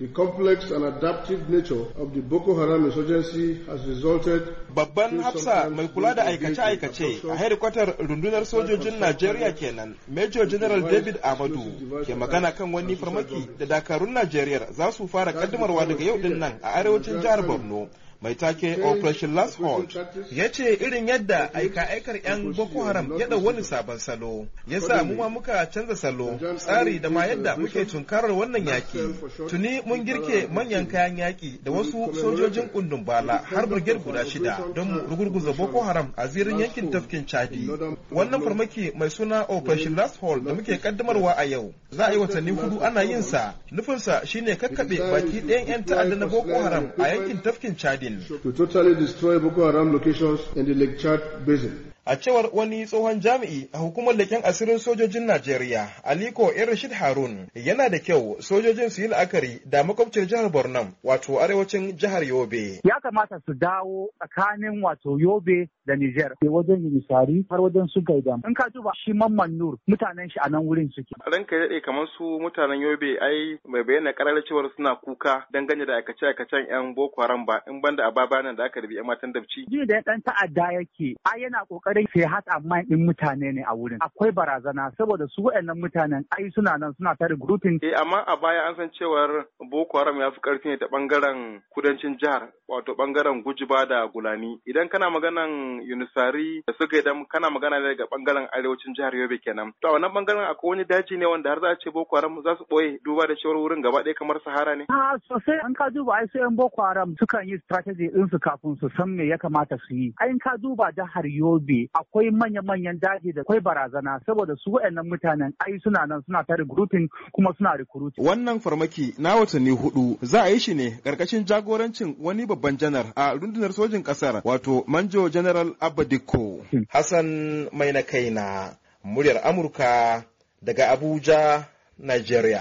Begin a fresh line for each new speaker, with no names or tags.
The complex and adaptive nature of the Boko Haram insurgency has resulted Babban Hafsa mai kula da aikace-aikace a hedikwatar rundunar sojojin Najeriya kenan, Major General David Amadu ke magana kan wani farmaki da dakarun Najeriya za su fara kaddamarwa daga yau din nan a arewacin jihar Borno. mai take Operation Last Hold ya ce irin yadda aika-aikar 'yan Boko Haram ya ɗau wani sabon salo. Ya sa mu ma muka canza salo tsari da ma yadda muke tunkarar wannan yaƙi. Tuni mun girke manyan kayan yaƙi da wasu sojojin kundin bala har burger guda shida don mu rugurguza Boko Haram a zirin yankin tafkin Chadi. Wannan farmaki mai suna Operation Last Hold da muke kaddamarwa a yau. za a yi watanni hudu ana yin sa nufinsa shine kakkaɓe baki ɗayan 'yan ta'adda na boko haram a yankin tafkin chadin to totally destroy boko haram locations in the lake chad basin A cewar wani tsohon jami'i a hukumar leken asirin sojojin Najeriya, Aliko Rashid Harun, yana da kyau sojojin su yi la'akari da makwabcin jihar Borno, wato arewacin jihar Yobe.
Ya kamata su dawo tsakanin wato Yobe da Niger, wajen Yinisari har wajen su Gaidam. In ka duba shi Mamman Nur, mutanen shi a nan wurin suke.
Ranka ya daɗe kamar su mutanen Yobe ai mai bayyana ƙarar cewar suna kuka dangane da aikace-aikacen 'yan Boko Haram ba, in banda a baba da aka rubi 'yan matan dabci.
Jini da ya ɗan ta'adda yake, ai yana ƙoƙarin kadai sai hat mai din mutane ne a wurin akwai barazana saboda su waɗannan mutanen ai suna nan suna tare grouping eh amma
a baya an san cewar Boko Haram ya fi karfi ne ta bangaren kudancin jihar wato bangaren Gujiba da Gulani idan kana maganan Yunusari da suka idan kana magana daga bangaren arewacin jihar Yobe kenan to a wannan bangaren akwai wani daji ne wanda har za a ce Boko Haram za su boye duba da cewar wurin gaba ɗaya kamar Sahara
ne A'a, ah, sosai an ka duba ai sai Boko Haram sukan yi strategy din su kafin su san me ya kamata su yi ai ka duba jihar Yobe akwai manya-manyan daji da akwai barazana saboda su waɗannan mutanen ai suna nan suna ta recruiting kuma suna recruiting. Wannan farmaki na watanni
hudu za a yi shi ne karkashin jagorancin wani babban janar a rundunar sojin ƙasar wato Manjo General Abadiko. Hassan mai na kaina muryar Amurka daga Abuja, Nigeria.